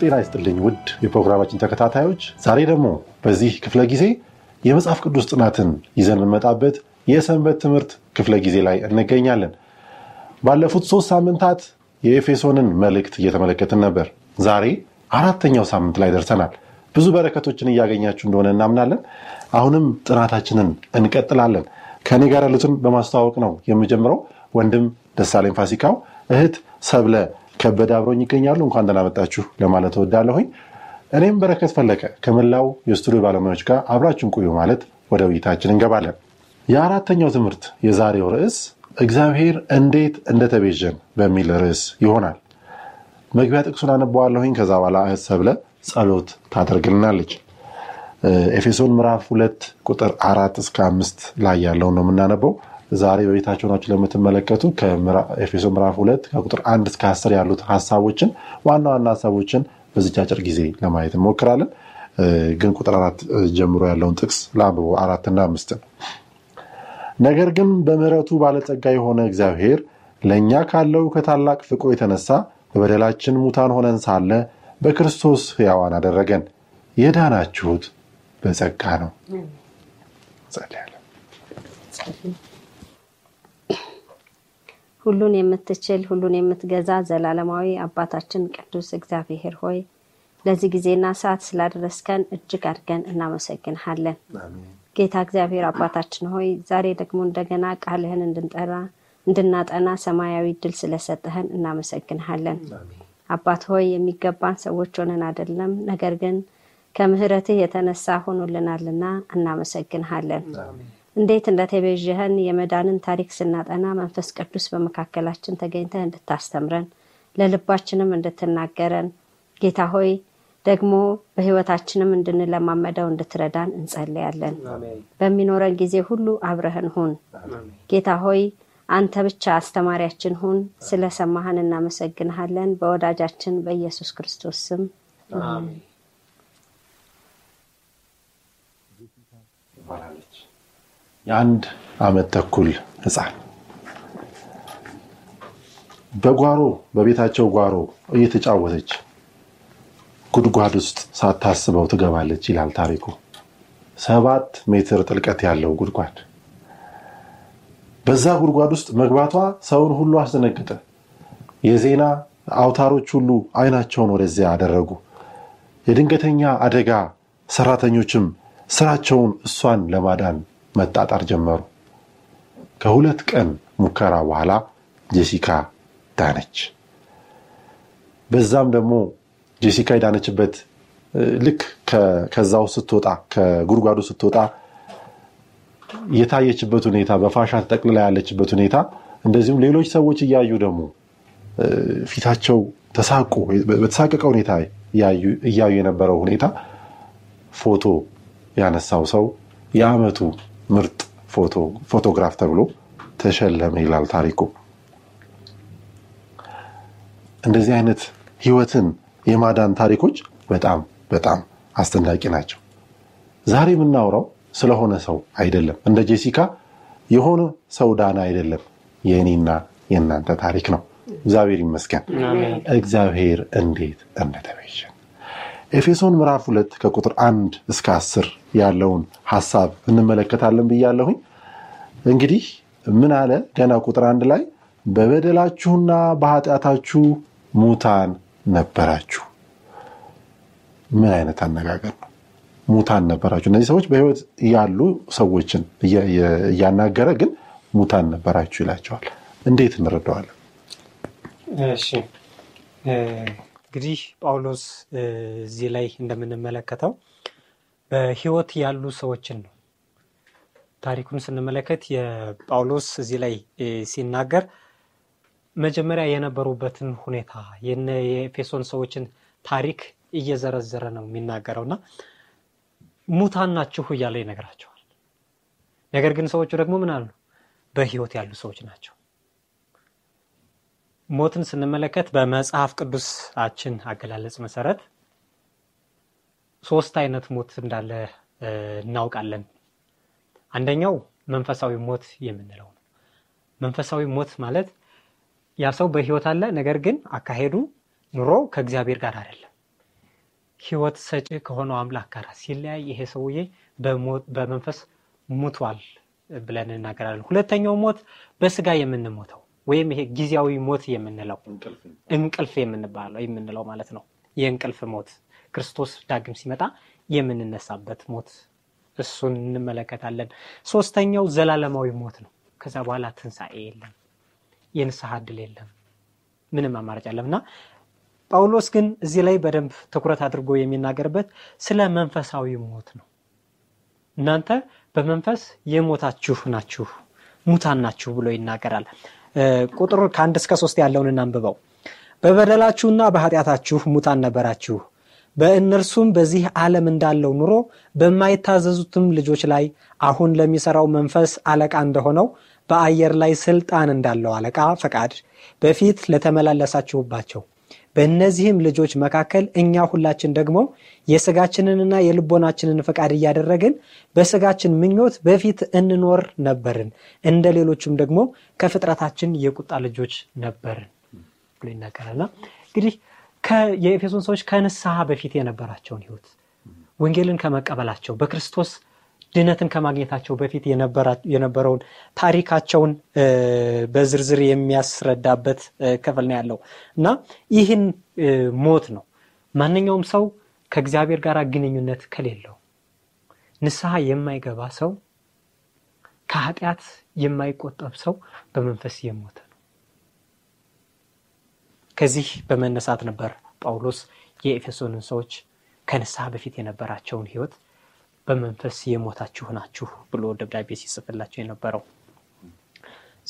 ጤና ይስጥልኝ ውድ የፕሮግራማችን ተከታታዮች፣ ዛሬ ደግሞ በዚህ ክፍለ ጊዜ የመጽሐፍ ቅዱስ ጥናትን ይዘን የምንመጣበት የሰንበት ትምህርት ክፍለ ጊዜ ላይ እንገኛለን። ባለፉት ሶስት ሳምንታት የኤፌሶንን መልእክት እየተመለከትን ነበር። ዛሬ አራተኛው ሳምንት ላይ ደርሰናል። ብዙ በረከቶችን እያገኛችሁ እንደሆነ እናምናለን። አሁንም ጥናታችንን እንቀጥላለን። ከእኔ ጋር ያሉትን በማስተዋወቅ ነው የምጀምረው። ወንድም ደሳለኝ ፋሲካው፣ እህት ሰብለ ከበደ አብረኝ ይገኛሉ። እንኳን ደህና መጣችሁ ለማለት እወዳለሁኝ። እኔም በረከት ፈለቀ ከመላው የስቱዲዮ ባለሙያዎች ጋር አብራችን ቆዩ ማለት ወደ ውይይታችን እንገባለን። የአራተኛው ትምህርት የዛሬው ርዕስ እግዚአብሔር እንዴት እንደተቤዠን በሚል ርዕስ ይሆናል። መግቢያ ጥቅሱን አነበዋለሁኝ። ከዛ በኋላ እህት ሰብለ ጸሎት ታደርግልናለች። ኤፌሶን ምዕራፍ ሁለት ቁጥር አራት እስከ አምስት ላይ ያለውን ነው የምናነበው። ዛሬ በቤታቸው ናቸው ለምትመለከቱ ከኤፌሶ ምዕራፍ ሁለት ከቁጥር አንድ እስከ አስር ያሉት ሀሳቦችን ዋና ዋና ሀሳቦችን በዚች አጭር ጊዜ ለማየት እንሞክራለን። ግን ቁጥር አራት ጀምሮ ያለውን ጥቅስ ለአንብቦ አራትና አምስት ነገር ግን በምረቱ ባለጸጋ የሆነ እግዚአብሔር ለእኛ ካለው ከታላቅ ፍቅሩ የተነሳ በበደላችን ሙታን ሆነን ሳለ በክርስቶስ ሕያዋን አደረገን። የዳናችሁት በጸጋ ነው። ሁሉን የምትችል ሁሉን የምትገዛ ዘላለማዊ አባታችን ቅዱስ እግዚአብሔር ሆይ ለዚህ ጊዜና ሰዓት ስላደረስከን እጅግ አድርገን እናመሰግንሃለን። ጌታ እግዚአብሔር አባታችን ሆይ ዛሬ ደግሞ እንደገና ቃልህን እንድንጠራ እንድናጠና ሰማያዊ ድል ስለሰጠህን እናመሰግንሃለን። አባት ሆይ የሚገባን ሰዎች ሆነን አይደለም፣ ነገር ግን ከምሕረትህ የተነሳ ሆኖልናልና እናመሰግንሃለን። እንዴት እንደተቤዥህን የመዳንን ታሪክ ስናጠና መንፈስ ቅዱስ በመካከላችን ተገኝተህ እንድታስተምረን ለልባችንም እንድትናገረን ጌታ ሆይ ደግሞ በህይወታችንም እንድንለማመደው እንድትረዳን እንጸልያለን። በሚኖረን ጊዜ ሁሉ አብረህን ሁን። ጌታ ሆይ አንተ ብቻ አስተማሪያችን ሁን። ስለ ሰማህን እናመሰግንሃለን። በወዳጃችን በኢየሱስ ክርስቶስ ስም የአንድ ዓመት ተኩል ህፃን በጓሮ በቤታቸው ጓሮ እየተጫወተች ጉድጓድ ውስጥ ሳታስበው ትገባለች ይላል ታሪኩ። ሰባት ሜትር ጥልቀት ያለው ጉድጓድ። በዛ ጉድጓድ ውስጥ መግባቷ ሰውን ሁሉ አስደነገጠ። የዜና አውታሮች ሁሉ አይናቸውን ወደዚያ አደረጉ። የድንገተኛ አደጋ ሰራተኞችም ስራቸውን እሷን ለማዳን መጣጣር ጀመሩ። ከሁለት ቀን ሙከራ በኋላ ጄሲካ ዳነች። በዛም ደግሞ ጄሲካ የዳነችበት ልክ ከዛው ስትወጣ ከጉድጓዱ ስትወጣ የታየችበት ሁኔታ በፋሻ ተጠቅልላ ያለችበት ሁኔታ እንደዚሁም ሌሎች ሰዎች እያዩ ደግሞ ፊታቸው በተሳቀቀ ሁኔታ እያዩ የነበረው ሁኔታ ፎቶ ያነሳው ሰው የዓመቱ ምርጥ ፎቶግራፍ ተብሎ ተሸለመ ይላል ታሪኩ። እንደዚህ አይነት ህይወትን የማዳን ታሪኮች በጣም በጣም አስደናቂ ናቸው። ዛሬ የምናወራው ስለሆነ ሰው አይደለም፣ እንደ ጄሲካ የሆነ ሰው ዳና አይደለም። የእኔና የእናንተ ታሪክ ነው። እግዚአብሔር ይመስገን። እግዚአብሔር እንዴት እንደተበሸ ኤፌሶን ምዕራፍ ሁለት ከቁጥር አንድ እስከ አስር ያለውን ሀሳብ እንመለከታለን ብያለሁኝ። እንግዲህ ምን አለ? ገና ቁጥር አንድ ላይ በበደላችሁና በኃጢአታችሁ ሙታን ነበራችሁ። ምን አይነት አነጋገር ነው? ሙታን ነበራችሁ። እነዚህ ሰዎች በህይወት ያሉ ሰዎችን እያናገረ ግን ሙታን ነበራችሁ ይላቸዋል። እንዴት እንረዳዋለን? እንግዲህ ጳውሎስ እዚህ ላይ እንደምንመለከተው በህይወት ያሉ ሰዎችን ነው። ታሪኩን ስንመለከት የጳውሎስ እዚህ ላይ ሲናገር መጀመሪያ የነበሩበትን ሁኔታ የኤፌሶን ሰዎችን ታሪክ እየዘረዘረ ነው የሚናገረው እና ሙታን ናችሁ እያለ ይነግራቸዋል። ነገር ግን ሰዎቹ ደግሞ ምን አሉ? በህይወት ያሉ ሰዎች ናቸው። ሞትን ስንመለከት በመጽሐፍ ቅዱሳችን አገላለጽ መሰረት ሶስት አይነት ሞት እንዳለ እናውቃለን። አንደኛው መንፈሳዊ ሞት የምንለው ነው። መንፈሳዊ ሞት ማለት ያ ሰው በህይወት አለ፣ ነገር ግን አካሄዱ ኑሮ ከእግዚአብሔር ጋር አይደለም፣ ህይወት ሰጪ ከሆነው አምላክ ጋር ሲለያይ ይሄ ሰውዬ በመንፈስ ሙቷል ብለን እናገራለን። ሁለተኛው ሞት በስጋ የምንሞተው ወይም ይሄ ጊዜያዊ ሞት የምንለው እንቅልፍ የምንባለው የምንለው ማለት ነው። የእንቅልፍ ሞት ክርስቶስ ዳግም ሲመጣ የምንነሳበት ሞት እሱን እንመለከታለን። ሶስተኛው ዘላለማዊ ሞት ነው። ከዛ በኋላ ትንሣኤ የለም፣ የንስሐ እድል የለም፣ ምንም አማራጭ የለም እና ጳውሎስ ግን እዚህ ላይ በደንብ ትኩረት አድርጎ የሚናገርበት ስለ መንፈሳዊ ሞት ነው። እናንተ በመንፈስ የሞታችሁ ናችሁ፣ ሙታን ናችሁ ብሎ ይናገራል። ቁጥር ከአንድ እስከ ሶስት ያለውን እናንብበው። በበደላችሁና በኃጢአታችሁ ሙታን ነበራችሁ፣ በእነርሱም በዚህ ዓለም እንዳለው ኑሮ በማይታዘዙትም ልጆች ላይ አሁን ለሚሰራው መንፈስ አለቃ እንደሆነው በአየር ላይ ስልጣን እንዳለው አለቃ ፈቃድ በፊት ለተመላለሳችሁባቸው በእነዚህም ልጆች መካከል እኛ ሁላችን ደግሞ የስጋችንንና የልቦናችንን ፈቃድ እያደረግን በስጋችን ምኞት በፊት እንኖር ነበርን፣ እንደ ሌሎቹም ደግሞ ከፍጥረታችን የቁጣ ልጆች ነበርን ብሎ ይናገራልና እንግዲህ የኤፌሶን ሰዎች ከንስሐ በፊት የነበራቸውን ህይወት ወንጌልን ከመቀበላቸው በክርስቶስ ድነትን ከማግኘታቸው በፊት የነበረውን ታሪካቸውን በዝርዝር የሚያስረዳበት ክፍል ነው ያለው እና ይህን ሞት ነው ማንኛውም ሰው ከእግዚአብሔር ጋር ግንኙነት ከሌለው ንስሐ የማይገባ ሰው ከኃጢአት የማይቆጠብ ሰው በመንፈስ የሞተ ነው። ከዚህ በመነሳት ነበር ጳውሎስ የኤፌሶንን ሰዎች ከንስሐ በፊት የነበራቸውን ህይወት በመንፈስ የሞታችሁ ናችሁ ብሎ ደብዳቤ ሲጽፍላቸው የነበረው።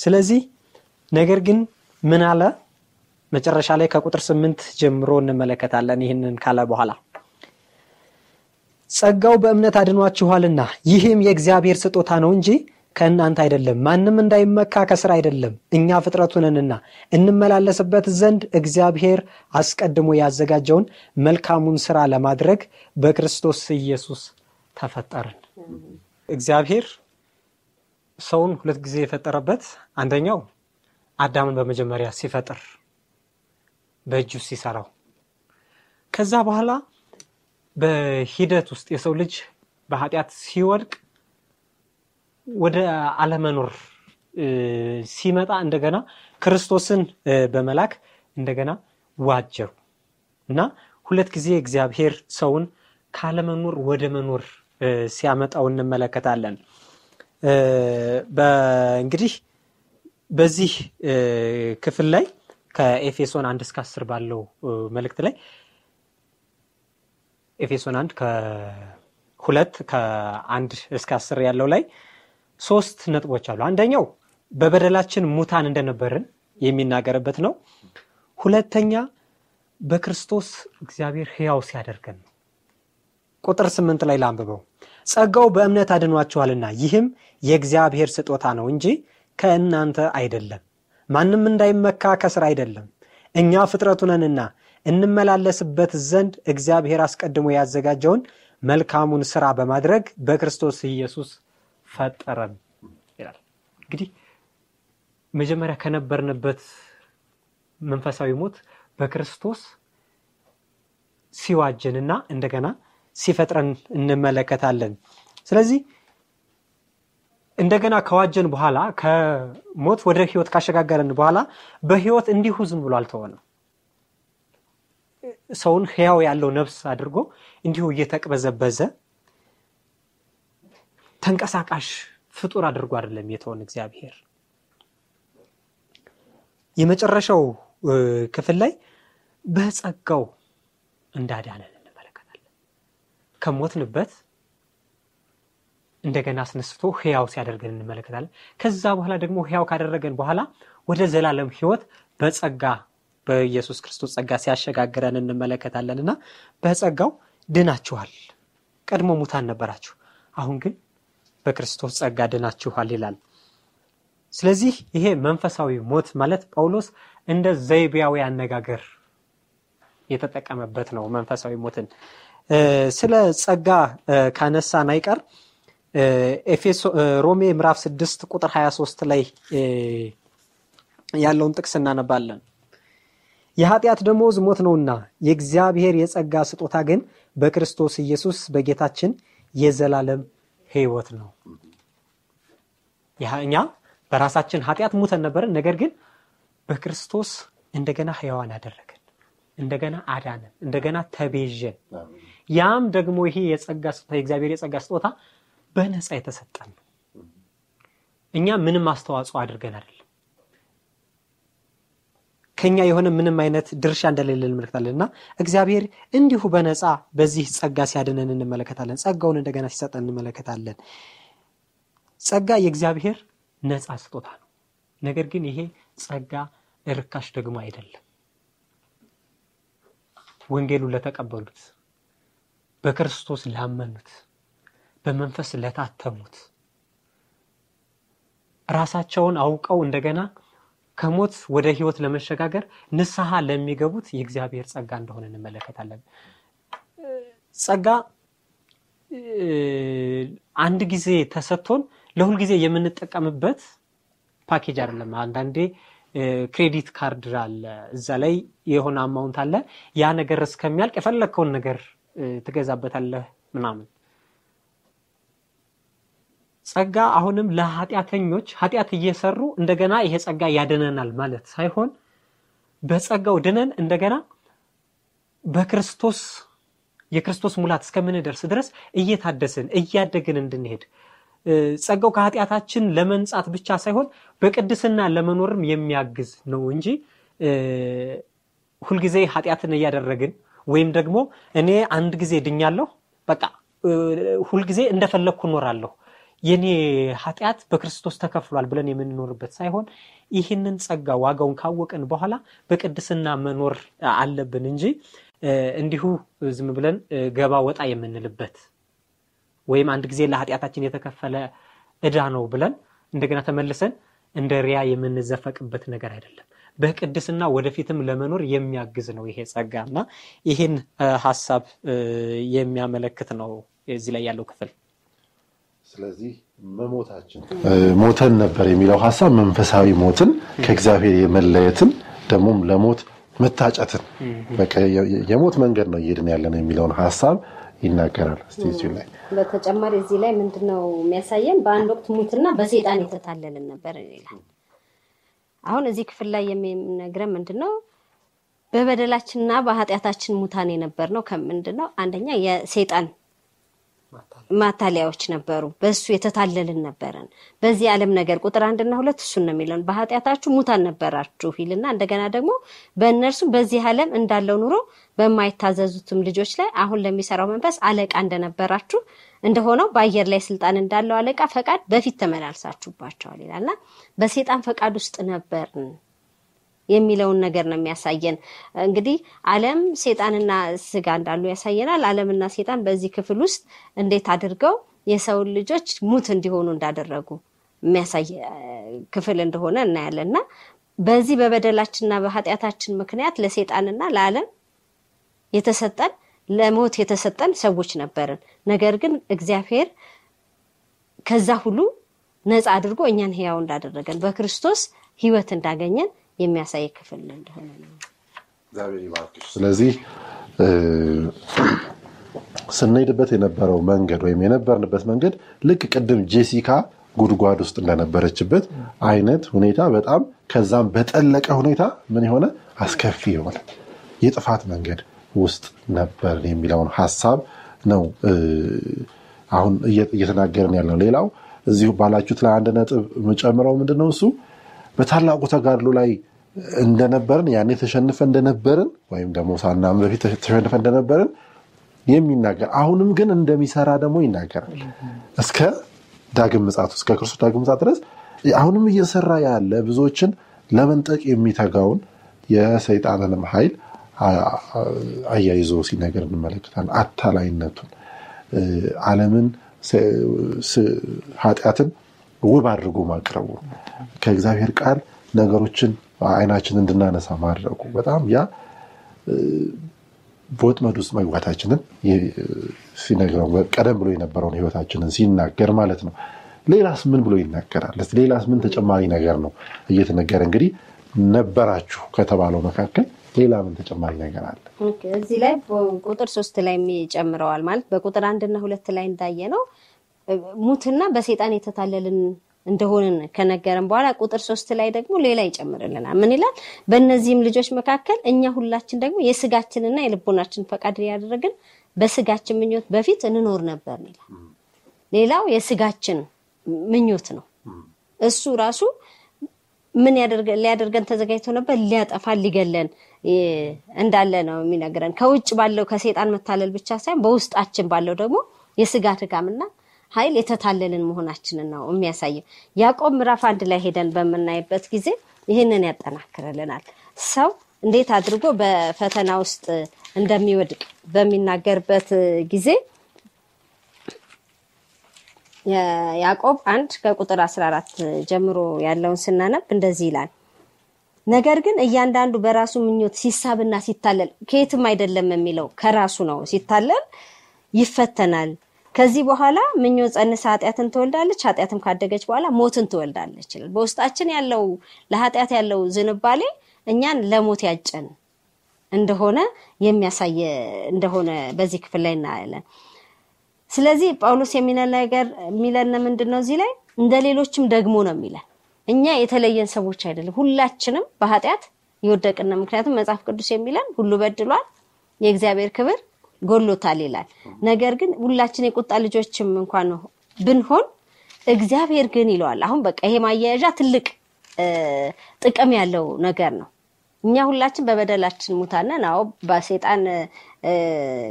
ስለዚህ ነገር ግን ምን አለ? መጨረሻ ላይ ከቁጥር ስምንት ጀምሮ እንመለከታለን። ይህንን ካለ በኋላ ጸጋው በእምነት አድኗችኋልና ይህም የእግዚአብሔር ስጦታ ነው እንጂ ከእናንተ አይደለም፣ ማንም እንዳይመካ ከስራ አይደለም። እኛ ፍጥረቱንንና እንመላለስበት ዘንድ እግዚአብሔር አስቀድሞ ያዘጋጀውን መልካሙን ስራ ለማድረግ በክርስቶስ ኢየሱስ ተፈጠርን። እግዚአብሔር ሰውን ሁለት ጊዜ የፈጠረበት አንደኛው አዳምን በመጀመሪያ ሲፈጥር በእጁ ሲሰራው፣ ከዛ በኋላ በሂደት ውስጥ የሰው ልጅ በኃጢአት ሲወድቅ ወደ አለመኖር ሲመጣ እንደገና ክርስቶስን በመላክ እንደገና ዋጀው እና ሁለት ጊዜ እግዚአብሔር ሰውን ካለመኖር ወደ መኖር ሲያመጣው እንመለከታለን። እንግዲህ በዚህ ክፍል ላይ ከኤፌሶን አንድ እስከ አስር ባለው መልእክት ላይ ኤፌሶን አንድ ከሁለት ከአንድ እስከ አስር ያለው ላይ ሶስት ነጥቦች አሉ። አንደኛው በበደላችን ሙታን እንደነበርን የሚናገርበት ነው። ሁለተኛ በክርስቶስ እግዚአብሔር ሕያው ሲያደርገን ነው። ቁጥር ስምንት ላይ ላንብበው። ጸጋው በእምነት አድኗችኋልና ይህም የእግዚአብሔር ስጦታ ነው እንጂ ከእናንተ አይደለም፣ ማንም እንዳይመካ ከስር አይደለም። እኛ ፍጥረቱ ነንና እንመላለስበት ዘንድ እግዚአብሔር አስቀድሞ ያዘጋጀውን መልካሙን ስራ በማድረግ በክርስቶስ ኢየሱስ ፈጠረን ይላል። እንግዲህ መጀመሪያ ከነበርንበት መንፈሳዊ ሞት በክርስቶስ ሲዋጀንና እንደገና ሲፈጥረን እንመለከታለን። ስለዚህ እንደገና ከዋጀን በኋላ ከሞት ወደ ህይወት ካሸጋገረን በኋላ በህይወት እንዲሁ ዝም ብሎ አልተወንም። ሰውን ህያው ያለው ነፍስ አድርጎ እንዲሁ እየተቅበዘበዘ ተንቀሳቃሽ ፍጡር አድርጎ አይደለም የተሆን እግዚአብሔር። የመጨረሻው ክፍል ላይ በጸጋው እንዳዳነን ከሞትንበት እንደገና አስነስቶ ህያው ሲያደርገን እንመለከታለን። ከዛ በኋላ ደግሞ ህያው ካደረገን በኋላ ወደ ዘላለም ህይወት በጸጋ በኢየሱስ ክርስቶስ ጸጋ ሲያሸጋግረን እንመለከታለን እና በጸጋው ድናችኋል። ቀድሞ ሙታን ነበራችሁ፣ አሁን ግን በክርስቶስ ጸጋ ድናችኋል ይላል። ስለዚህ ይሄ መንፈሳዊ ሞት ማለት ጳውሎስ እንደ ዘይቤያዊ አነጋገር የተጠቀመበት ነው መንፈሳዊ ሞትን ስለ ጸጋ ካነሳን አይቀር ሮሜ ምዕራፍ 6 ቁጥር 23 ላይ ያለውን ጥቅስ እናነባለን። የኃጢአት ደሞዝ ሞት ነውና የእግዚአብሔር የጸጋ ስጦታ ግን በክርስቶስ ኢየሱስ በጌታችን የዘላለም ህይወት ነው። እኛ በራሳችን ኃጢአት ሙተን ነበርን። ነገር ግን በክርስቶስ እንደገና ሕያዋን አደረገን፣ እንደገና አዳነን፣ እንደገና ተቤዥን ያም ደግሞ ይሄ የጸጋ ስጦታ የእግዚአብሔር የጸጋ ስጦታ በነፃ የተሰጠን ነው። እኛ ምንም አስተዋጽኦ አድርገን አይደለም። ከኛ የሆነ ምንም አይነት ድርሻ እንደሌለ እንመለከታለን እና እግዚአብሔር እንዲሁ በነፃ በዚህ ጸጋ ሲያድነን እንመለከታለን። ጸጋውን እንደገና ሲሰጠን እንመለከታለን። ጸጋ የእግዚአብሔር ነፃ ስጦታ ነው። ነገር ግን ይሄ ጸጋ እርካሽ ደግሞ አይደለም። ወንጌሉን ለተቀበሉት በክርስቶስ ላመኑት በመንፈስ ለታተሙት ራሳቸውን አውቀው እንደገና ከሞት ወደ ህይወት ለመሸጋገር ንስሐ ለሚገቡት የእግዚአብሔር ጸጋ እንደሆነ እንመለከታለን። ጸጋ አንድ ጊዜ ተሰጥቶን ለሁል ጊዜ የምንጠቀምበት ፓኬጅ አይደለም። አንዳንዴ ክሬዲት ካርድ አለ፣ እዛ ላይ የሆነ አማውንት አለ። ያ ነገር እስከሚያልቅ የፈለግከውን ነገር ትገዛበታለህ ምናምን። ጸጋ አሁንም ለኃጢአተኞች ኃጢአት እየሰሩ እንደገና ይሄ ጸጋ ያደነናል ማለት ሳይሆን በጸጋው ድነን እንደገና በክርስቶስ የክርስቶስ ሙላት እስከምንደርስ ድረስ እየታደስን እያደግን እንድንሄድ ጸጋው ከኃጢአታችን ለመንጻት ብቻ ሳይሆን በቅድስና ለመኖርም የሚያግዝ ነው እንጂ ሁልጊዜ ኃጢአትን እያደረግን ወይም ደግሞ እኔ አንድ ጊዜ ድኛለሁ፣ በቃ ሁልጊዜ እንደፈለግኩ እኖራለሁ፣ የኔ ኃጢአት በክርስቶስ ተከፍሏል ብለን የምንኖርበት ሳይሆን ይህንን ጸጋ ዋጋውን ካወቅን በኋላ በቅድስና መኖር አለብን እንጂ እንዲሁ ዝም ብለን ገባ ወጣ የምንልበት ወይም አንድ ጊዜ ለኃጢአታችን የተከፈለ እዳ ነው ብለን እንደገና ተመልሰን እንደ ሪያ የምንዘፈቅበት ነገር አይደለም። በቅድስና ወደፊትም ለመኖር የሚያግዝ ነው ይሄ ጸጋ እና ይህን ሀሳብ የሚያመለክት ነው እዚህ ላይ ያለው ክፍል። ስለዚህ መሞታችን ሞተን ነበር የሚለው ሀሳብ መንፈሳዊ ሞትን ከእግዚአብሔር የመለየትን ደግሞም ለሞት መታጨትን የሞት መንገድ ነው እየድን ያለ ነው የሚለውን ሀሳብ ይናገራል። ላይ በተጨማሪ እዚህ ላይ ምንድነው የሚያሳየን? በአንድ ወቅት ሙትና በሴጣን የተታለልን ነበር ይላል። አሁን እዚህ ክፍል ላይ የሚነግረን ምንድን ነው? በበደላችንና በኃጢአታችን ሙታን የነበር ነው ከምንድን ነው? አንደኛ የሰይጣን ማታለያዎች ነበሩ። በእሱ የተታለልን ነበረን። በዚህ ዓለም ነገር ቁጥር አንድና ሁለት እሱን ነው የሚለን። በኃጢአታችሁ ሙታን ነበራችሁ ይልና እንደገና ደግሞ በእነርሱ በዚህ ዓለም እንዳለው ኑሮ በማይታዘዙትም ልጆች ላይ አሁን ለሚሰራው መንፈስ አለቃ እንደነበራችሁ እንደሆነው በአየር ላይ ስልጣን እንዳለው አለቃ ፈቃድ በፊት ተመላልሳችሁባቸዋል ይላልና በሴጣን ፈቃድ ውስጥ ነበርን። የሚለውን ነገር ነው የሚያሳየን። እንግዲህ ዓለም ሴጣንና ስጋ እንዳሉ ያሳየናል። ዓለምና ሴጣን በዚህ ክፍል ውስጥ እንዴት አድርገው የሰውን ልጆች ሙት እንዲሆኑ እንዳደረጉ የሚያሳይ ክፍል እንደሆነ እናያለን እና በዚህ በበደላችንና በኃጢአታችን ምክንያት ለሴጣንና ለዓለም የተሰጠን ለሞት የተሰጠን ሰዎች ነበርን። ነገር ግን እግዚአብሔር ከዛ ሁሉ ነፃ አድርጎ እኛን ሕያው እንዳደረገን በክርስቶስ ሕይወት እንዳገኘን የሚያሳይ ክፍል እንደሆነ ነው። ስለዚህ ስንሄድበት የነበረው መንገድ ወይም የነበርንበት መንገድ ልክ ቅድም ጄሲካ ጉድጓድ ውስጥ እንደነበረችበት አይነት ሁኔታ በጣም ከዛም በጠለቀ ሁኔታ ምን የሆነ አስከፊ የሆነ የጥፋት መንገድ ውስጥ ነበር የሚለውን ሀሳብ ነው አሁን እየተናገርን ያለው። ሌላው እዚሁ ባላችሁት ላይ አንድ ነጥብ የምጨምረው ምንድነው እሱ በታላቁ ተጋድሎ ላይ እንደነበርን ያኔ ተሸንፈ እንደነበርን ወይም ደግሞ ሳናምን በፊት ተሸንፈ እንደነበርን የሚናገር አሁንም ግን እንደሚሰራ ደግሞ ይናገራል። እስከ ዳግም ምጻቱ እስከ ክርስቶስ ዳግም ምጻት ድረስ አሁንም እየሰራ ያለ ብዙዎችን ለመንጠቅ የሚተጋውን የሰይጣንንም ሀይል አያይዞ ሲነገር እንመለከታል አታላይነቱን አለምን ኃጢአትን ውብ አድርጎ ማቅረቡ ከእግዚአብሔር ቃል ነገሮችን አይናችን እንድናነሳ ማድረጉ በጣም ያ በወጥመድ ውስጥ መግባታችንን ሲነግረው ቀደም ብሎ የነበረውን ህይወታችንን ሲናገር ማለት ነው። ሌላስ ምን ብሎ ይናገራል? ሌላስ ምን ተጨማሪ ነገር ነው እየተነገረ እንግዲህ ነበራችሁ ከተባለው መካከል ሌላ ምን ተጨማሪ ነገር አለ? እዚህ ላይ ቁጥር ሶስት ላይ የሚጨምረዋል ማለት በቁጥር አንድና ሁለት ላይ እንዳየ ነው ሙትና በሴጣን የተታለልን እንደሆንን ከነገረን በኋላ ቁጥር ሶስት ላይ ደግሞ ሌላ ይጨምርልናል። ምን ይላል? በእነዚህም ልጆች መካከል እኛ ሁላችን ደግሞ የስጋችንና የልቦናችን ፈቃድ ያደረግን በስጋችን ምኞት በፊት እንኖር ነበር ይላል። ሌላው የስጋችን ምኞት ነው። እሱ ራሱ ምን ሊያደርገን ተዘጋጅቶ ነበር? ሊያጠፋን፣ ሊገለን እንዳለ ነው የሚነግረን። ከውጭ ባለው ከሴጣን መታለል ብቻ ሳይሆን በውስጣችን ባለው ደግሞ የስጋ ድካምና ኃይል የተታለልን መሆናችንን ነው የሚያሳየው። ያዕቆብ ምዕራፍ አንድ ላይ ሄደን በምናይበት ጊዜ ይህንን ያጠናክርልናል። ሰው እንዴት አድርጎ በፈተና ውስጥ እንደሚወድቅ በሚናገርበት ጊዜ ያዕቆብ አንድ ከቁጥር 14 ጀምሮ ያለውን ስናነብ እንደዚህ ይላል። ነገር ግን እያንዳንዱ በራሱ ምኞት ሲሳብና ሲታለል ከየትም አይደለም የሚለው ከራሱ ነው። ሲታለል ይፈተናል ከዚህ በኋላ ምኞ ጸንስ ኃጢአትን ትወልዳለች፣ ኃጢአትም ካደገች በኋላ ሞትን ትወልዳለች ይላል። በውስጣችን ያለው ለኃጢአት ያለው ዝንባሌ እኛን ለሞት ያጨን እንደሆነ የሚያሳየ እንደሆነ በዚህ ክፍል ላይ እናያለን። ስለዚህ ጳውሎስ የሚለን ነገር የሚለን ምንድን ነው? እዚህ ላይ እንደ ሌሎችም ደግሞ ነው የሚለን። እኛ የተለየን ሰዎች አይደለም፣ ሁላችንም በኃጢአት የወደቅን። ምክንያቱም መጽሐፍ ቅዱስ የሚለን ሁሉ በድሏል፣ የእግዚአብሔር ክብር ጎሎታል ይላል። ነገር ግን ሁላችን የቁጣ ልጆችም እንኳን ብንሆን እግዚአብሔር ግን ይለዋል። አሁን በቃ ይሄ ማያያዣ ትልቅ ጥቅም ያለው ነገር ነው። እኛ ሁላችን በበደላችን ሙታነን። አዎ በሴጣን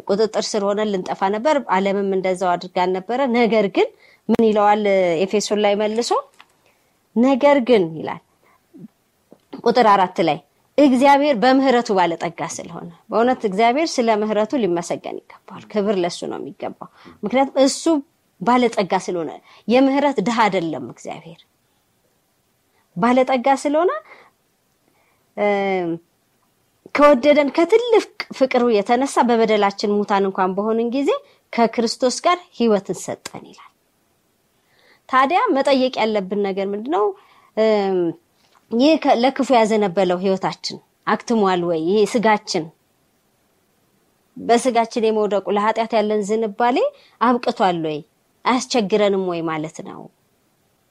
ቁጥጥር ስር ሆነን ልንጠፋ ነበር። ዓለምም እንደዛው አድርጋን ነበረ። ነገር ግን ምን ይለዋል ኤፌሶን ላይ መልሶ ነገር ግን ይላል ቁጥር አራት ላይ እግዚአብሔር በምህረቱ ባለጠጋ ስለሆነ በእውነት እግዚአብሔር ስለ ምህረቱ ሊመሰገን ይገባል። ክብር ለሱ ነው የሚገባው። ምክንያቱም እሱ ባለጠጋ ስለሆነ የምህረት ድሃ አይደለም። እግዚአብሔር ባለጠጋ ስለሆነ ከወደደን ከትልቅ ፍቅሩ የተነሳ በበደላችን ሙታን እንኳን በሆንን ጊዜ ከክርስቶስ ጋር ህይወትን ሰጠን ይላል። ታዲያ መጠየቅ ያለብን ነገር ምንድነው? ይህ ለክፉ ያዘነበለው ህይወታችን አክትሟል ወይ? ይሄ ስጋችን በስጋችን የመውደቁ ለኃጢአት ያለን ዝንባሌ አብቅቷል ወይ? አያስቸግረንም ወይ ማለት ነው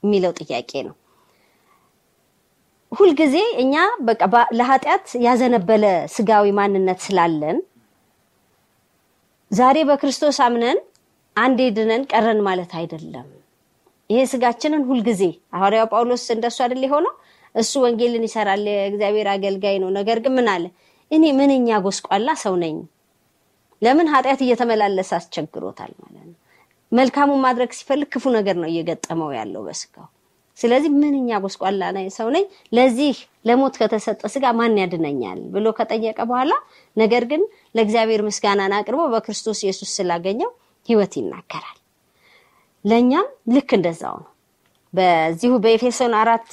የሚለው ጥያቄ ነው። ሁልጊዜ እኛ በቃ ለኃጢአት ያዘነበለ ስጋዊ ማንነት ስላለን ዛሬ በክርስቶስ አምነን አንዴ ድነን ቀረን ማለት አይደለም። ይሄ ስጋችንን ሁልጊዜ ሐዋርያው ጳውሎስ እንደሱ አይደል የሆነው እሱ ወንጌልን ይሰራል፣ የእግዚአብሔር አገልጋይ ነው። ነገር ግን ምን አለ? እኔ ምንኛ ጎስቋላ ሰው ነኝ። ለምን ኃጢአት እየተመላለሰ አስቸግሮታል ማለት ነው። መልካሙን ማድረግ ሲፈልግ ክፉ ነገር ነው እየገጠመው ያለው በስጋው። ስለዚህ ምንኛ ጎስቋላ ሰው ነኝ፣ ለዚህ ለሞት ከተሰጠ ስጋ ማን ያድነኛል ብሎ ከጠየቀ በኋላ ነገር ግን ለእግዚአብሔር ምስጋናን አቅርቦ በክርስቶስ ኢየሱስ ስላገኘው ህይወት ይናገራል። ለእኛም ልክ እንደዛው ነው። በዚሁ በኤፌሶን አራት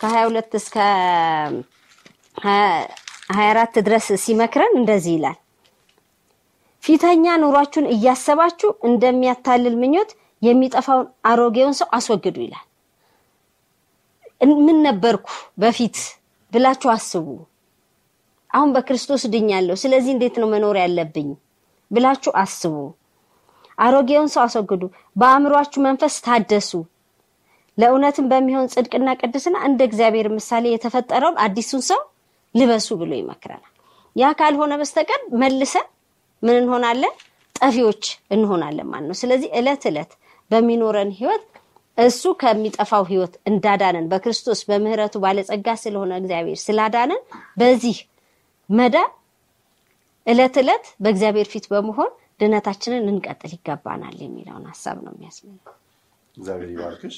ከ22 እስከ 24 ድረስ ሲመክረን እንደዚህ ይላል። ፊተኛ ኑሯችሁን እያሰባችሁ እንደሚያታልል ምኞት የሚጠፋውን አሮጌውን ሰው አስወግዱ ይላል። ምን ነበርኩ በፊት ብላችሁ አስቡ። አሁን በክርስቶስ ድኛለሁ፣ ስለዚህ እንዴት ነው መኖር ያለብኝ ብላችሁ አስቡ። አሮጌውን ሰው አስወግዱ፣ በአእምሯችሁ መንፈስ ታደሱ ለእውነትም በሚሆን ጽድቅና ቅድስና እንደ እግዚአብሔር ምሳሌ የተፈጠረውን አዲሱን ሰው ልበሱ ብሎ ይመክረናል። ያ ካልሆነ በስተቀር መልሰን ምን እንሆናለን? ጠፊዎች እንሆናለን ማለት ነው። ስለዚህ እለት እለት በሚኖረን ህይወት እሱ ከሚጠፋው ህይወት እንዳዳነን በክርስቶስ በምህረቱ ባለጸጋ ስለሆነ እግዚአብሔር ስላዳነን በዚህ መዳን እለት እለት በእግዚአብሔር ፊት በመሆን ድነታችንን እንቀጥል ይገባናል የሚለውን ሀሳብ ነው የሚያስ እግዚአብሔር ይባርክሽ።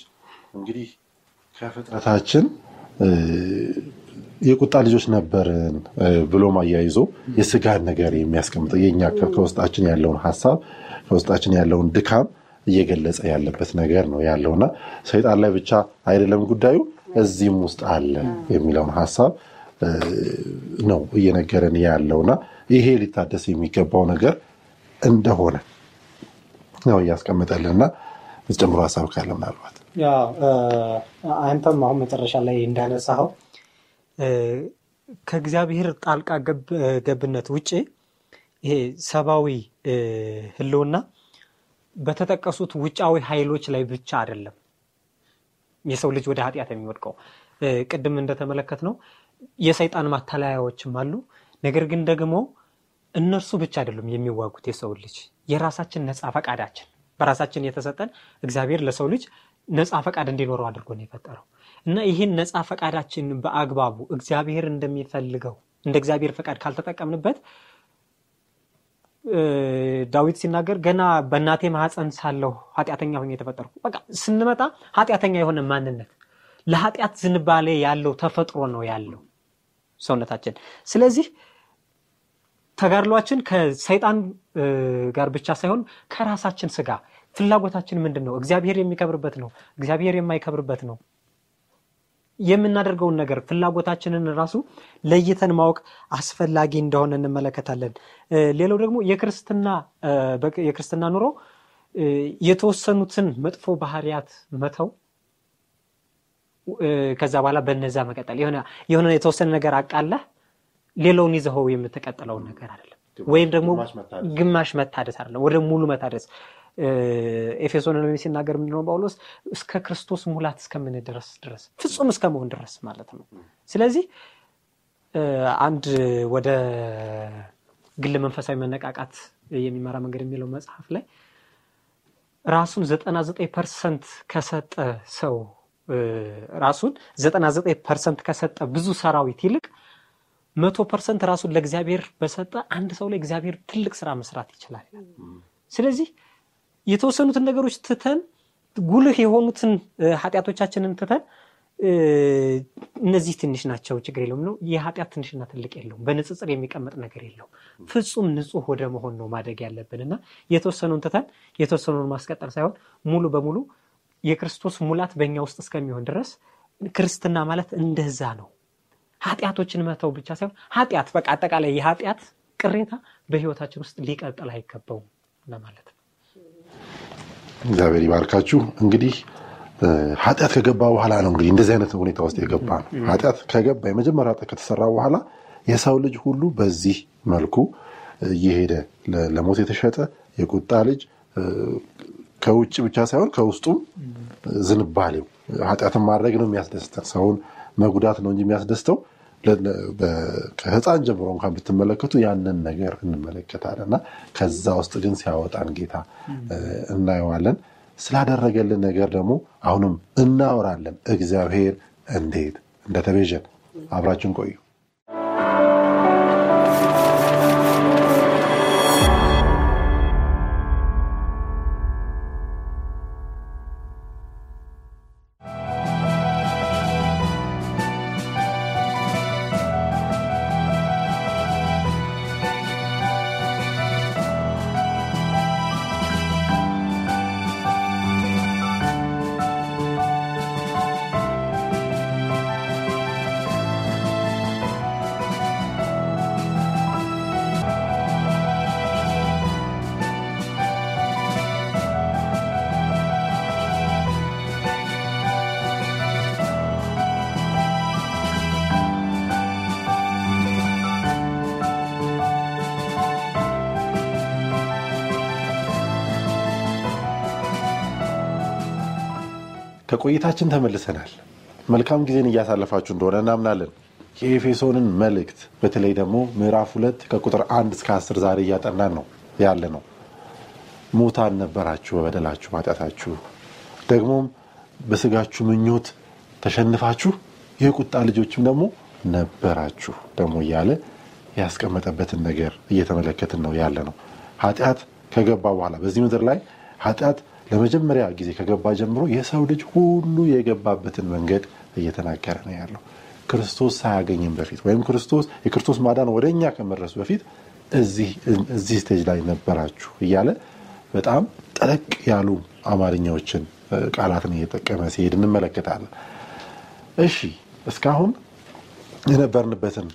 እንግዲህ ከፍጥረታችን የቁጣ ልጆች ነበርን ብሎ አያይዞ የስጋን ነገር የሚያስቀምጠው የኛ ከውስጣችን ያለውን ሀሳብ ከውስጣችን ያለውን ድካም እየገለጸ ያለበት ነገር ነው ያለውና ሰይጣን ላይ ብቻ አይደለም ጉዳዩ እዚህም ውስጥ አለ የሚለውን ሀሳብ ነው እየነገረን ያለውና ይሄ ሊታደስ የሚገባው ነገር እንደሆነ ነው እያስቀምጠልንና ጨምሮ ሀሳብ ካለ ምናልባት አንተም አሁን መጨረሻ ላይ እንዳነሳኸው ከእግዚአብሔር ጣልቃ ገብነት ውጭ ይሄ ሰብአዊ ህልውና በተጠቀሱት ውጫዊ ኃይሎች ላይ ብቻ አይደለም የሰው ልጅ ወደ ኃጢአት የሚወድቀው። ቅድም እንደተመለከት ነው የሰይጣን ማታለያዎችም አሉ። ነገር ግን ደግሞ እነርሱ ብቻ አይደሉም የሚዋጉት የሰው ልጅ የራሳችን ነፃ ፈቃዳችን በራሳችን የተሰጠን እግዚአብሔር ለሰው ልጅ ነፃ ፈቃድ እንዲኖረው አድርጎ ነው የፈጠረው እና ይህን ነፃ ፈቃዳችን በአግባቡ እግዚአብሔር እንደሚፈልገው እንደ እግዚአብሔር ፈቃድ ካልተጠቀምንበት ዳዊት ሲናገር ገና በእናቴ ማህፀን ሳለሁ ኃጢአተኛ ሆኜ የተፈጠርኩ። በቃ ስንመጣ ኃጢአተኛ የሆነ ማንነት ለኃጢአት ዝንባሌ ያለው ተፈጥሮ ነው ያለው ሰውነታችን። ስለዚህ ተጋድሏችን ከሰይጣን ጋር ብቻ ሳይሆን ከራሳችን ስጋ ፍላጎታችን ምንድን ነው? እግዚአብሔር የሚከብርበት ነው? እግዚአብሔር የማይከብርበት ነው? የምናደርገውን ነገር ፍላጎታችንን ራሱ ለይተን ማወቅ አስፈላጊ እንደሆነ እንመለከታለን። ሌላው ደግሞ የክርስትና ኑሮ የተወሰኑትን መጥፎ ባህሪያት መተው ከዛ በኋላ በነዛ መቀጠል የሆነ የተወሰነ ነገር አቃለህ ሌላውን ይዘኸው የምትቀጥለውን ነገር አይደለም። ወይም ደግሞ ግማሽ መታደስ አይደለም፣ ወደ ሙሉ መታደስ ኤፌሶንን ሲናገር ምንድነው ጳውሎስ እስከ ክርስቶስ ሙላት እስከምን ድረስ ፍጹም እስከ መሆን ድረስ ማለት ነው። ስለዚህ አንድ ወደ ግል መንፈሳዊ መነቃቃት የሚመራ መንገድ የሚለው መጽሐፍ ላይ ራሱን ዘጠኝ ፐርሰንት ከሰጠ ሰው ራሱን ዘጠኝ ፐርሰንት ከሰጠ ብዙ ሰራዊት ይልቅ መቶ ፐርሰንት ራሱን ለእግዚአብሔር በሰጠ አንድ ሰው ላይ እግዚአብሔር ትልቅ ስራ መስራት ይችላል። ስለዚህ የተወሰኑትን ነገሮች ትተን ጉልህ የሆኑትን ኃጢአቶቻችንን ትተን እነዚህ ትንሽ ናቸው፣ ችግር የለውም ነው። የኃጢአት ትንሽና ትልቅ የለውም፣ በንጽጽር የሚቀመጥ ነገር የለውም። ፍጹም ንጹህ ወደ መሆን ነው ማደግ ያለብን እና የተወሰኑን ትተን የተወሰኑን ማስቀጠል ሳይሆን ሙሉ በሙሉ የክርስቶስ ሙላት በእኛ ውስጥ እስከሚሆን ድረስ ክርስትና ማለት እንደዛ ነው። ኃጢአቶችን መተው ብቻ ሳይሆን ኃጢአት በቃ አጠቃላይ የኃጢአት ቅሬታ በህይወታችን ውስጥ ሊቀጥል አይገባውም ለማለት ነው። እግዚአብሔር ይባርካችሁ። እንግዲህ ኃጢአት ከገባ በኋላ ነው እንግዲህ እንደዚህ አይነት ሁኔታ ውስጥ የገባ ነው። ኃጢአት ከገባ የመጀመሪያ ኃጢአት ከተሰራ በኋላ የሰው ልጅ ሁሉ በዚህ መልኩ እየሄደ ለሞት የተሸጠ የቁጣ ልጅ ከውጭ ብቻ ሳይሆን ከውስጡም ዝንባሌው ኃጢአትን ማድረግ ነው የሚያስደስተን። ሰውን መጉዳት ነው እንጂ የሚያስደስተው ከህፃን ጀምሮ እንኳን ብትመለከቱ ያንን ነገር እንመለከታለን እና ከዛ ውስጥ ግን ሲያወጣን ጌታ እናየዋለን። ስላደረገልን ነገር ደግሞ አሁንም እናወራለን። እግዚአብሔር እንዴት እንደተቤዥን አብራችን ቆዩ። ከቆይታችን ተመልሰናል። መልካም ጊዜን እያሳለፋችሁ እንደሆነ እናምናለን። የኤፌሶንን መልእክት በተለይ ደግሞ ምዕራፍ ሁለት ከቁጥር አንድ እስከ አስር ዛሬ እያጠናን ነው ያለ ነው። ሙታን ነበራችሁ በበደላችሁ ማጣታችሁ፣ ደግሞም በስጋችሁ ምኞት ተሸንፋችሁ የቁጣ ልጆችም ደግሞ ነበራችሁ ደግሞ እያለ ያስቀመጠበትን ነገር እየተመለከትን ነው ያለ ነው። ኃጢአት ከገባ በኋላ በዚህ ምድር ላይ ኃጢአት ለመጀመሪያ ጊዜ ከገባ ጀምሮ የሰው ልጅ ሁሉ የገባበትን መንገድ እየተናገረ ነው ያለው። ክርስቶስ ሳያገኝም በፊት ወይም ክርስቶስ የክርስቶስ ማዳን ወደ እኛ ከመድረሱ በፊት እዚህ ስቴጅ ላይ ነበራችሁ እያለ በጣም ጠለቅ ያሉ አማርኛዎችን ቃላትን እየጠቀመ ሲሄድ እንመለከታለን። እሺ እስካሁን የነበርንበትን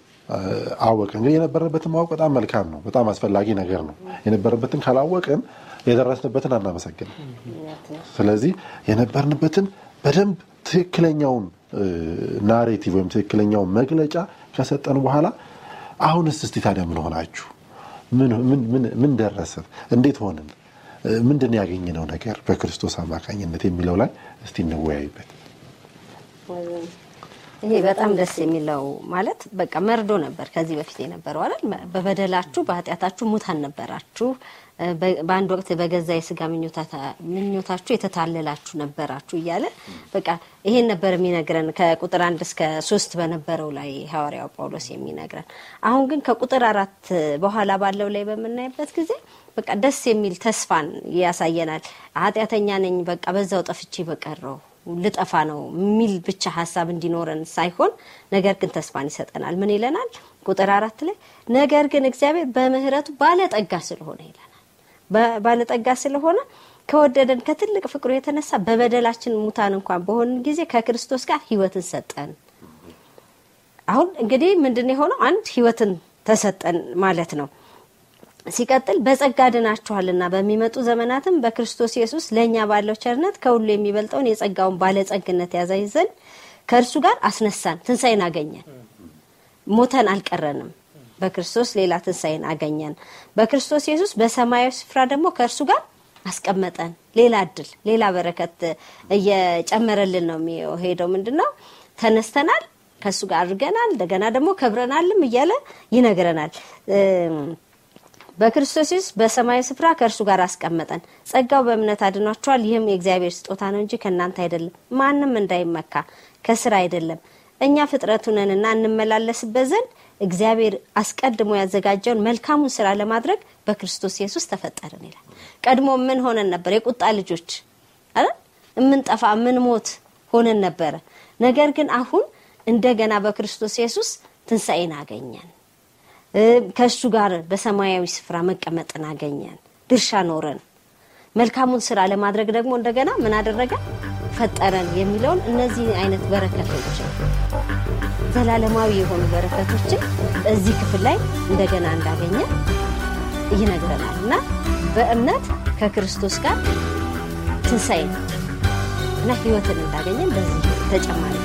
አወቅን። እንግዲህ የነበርንበትን ማወቅ በጣም መልካም ነው፣ በጣም አስፈላጊ ነገር ነው። የነበርንበትን ካላወቅን የደረስንበትን አናመሰግን ስለዚህ የነበርንበትን በደንብ ትክክለኛውን ናሬቲቭ ወይም ትክክለኛውን መግለጫ ከሰጠን በኋላ አሁንስ እስቲ ታዲያ ምን ሆናችሁ? ምን ደረስን? እንዴት ሆንን? ምንድን ያገኘነው ነገር በክርስቶስ አማካኝነት የሚለው ላይ እስቲ እንወያይበት። ይሄ በጣም ደስ የሚለው ማለት በቃ መርዶ ነበር ከዚህ በፊት የነበረው አይደል? በበደላችሁ በኃጢአታችሁ ሙታን ነበራችሁ በአንድ ወቅት በገዛ የስጋ ምኞታችሁ የተታለላችሁ ነበራችሁ እያለ በቃ ይሄን ነበር የሚነግረን ከቁጥር አንድ እስከ ሶስት በነበረው ላይ ሐዋርያው ጳውሎስ የሚነግረን። አሁን ግን ከቁጥር አራት በኋላ ባለው ላይ በምናይበት ጊዜ በቃ ደስ የሚል ተስፋን ያሳየናል። ኃጢአተኛ ነኝ፣ በቃ በዛው ጠፍቼ በቀረው ልጠፋ ነው የሚል ብቻ ሀሳብ እንዲኖረን ሳይሆን ነገር ግን ተስፋን ይሰጠናል። ምን ይለናል? ቁጥር አራት ላይ ነገር ግን እግዚአብሔር በምህረቱ ባለጠጋ ስለሆነ ይላል ባለጠጋ ስለሆነ ከወደደን ከትልቅ ፍቅሩ የተነሳ በበደላችን ሙታን እንኳን በሆንን ጊዜ ከክርስቶስ ጋር ህይወትን ሰጠን። አሁን እንግዲህ ምንድን የሆነው አንድ ህይወትን ተሰጠን ማለት ነው። ሲቀጥል በጸጋ ድናችኋልና በሚመጡ ዘመናትም በክርስቶስ ኢየሱስ ለእኛ ባለው ቸርነት ከሁሉ የሚበልጠውን የጸጋውን ባለጸግነት ያዛይዘን ከእርሱ ጋር አስነሳን። ትንሣኤን አገኘን። ሞተን አልቀረንም። በክርስቶስ ሌላ ትንሳኤን አገኘን። በክርስቶስ ኢየሱስ በሰማያዊ ስፍራ ደግሞ ከእርሱ ጋር አስቀመጠን። ሌላ እድል፣ ሌላ በረከት እየጨመረልን ነው የሚሄደው። ምንድን ነው ተነስተናል፣ ከእሱ ጋር አድርገናል፣ እንደገና ደግሞ ከብረናልም እያለ ይነግረናል። በክርስቶስ ኢየሱስ በሰማያዊ ስፍራ ከእርሱ ጋር አስቀመጠን። ጸጋው በእምነት አድኗቸዋል። ይህም የእግዚአብሔር ስጦታ ነው እንጂ ከእናንተ አይደለም፣ ማንም እንዳይመካ ከስራ አይደለም። እኛ ፍጥረቱ ነንና እንመላለስበት ዘንድ እግዚአብሔር አስቀድሞ ያዘጋጀውን መልካሙን ስራ ለማድረግ በክርስቶስ ኢየሱስ ተፈጠርን ይላል። ቀድሞ ምን ሆነን ነበር? የቁጣ ልጆች አይደል? የምንጠፋ ሞት ሆነን ነበረ። ነገር ግን አሁን እንደገና በክርስቶስ ኢየሱስ ትንሣኤን አገኘን። ከእሱ ጋር በሰማያዊ ስፍራ መቀመጥን አገኘን። ድርሻ ኖረን መልካሙን ስራ ለማድረግ ደግሞ እንደገና ምን አደረገን? ፈጠረን የሚለውን እነዚህ አይነት በረከቶች ዘላለማዊ የሆኑ በረከቶችን እዚህ ክፍል ላይ እንደገና እንዳገኘ ይነግረናል እና በእምነት ከክርስቶስ ጋር ትንሣኤ እና ህይወትን እንዳገኘን በዚህ ተጨማሪ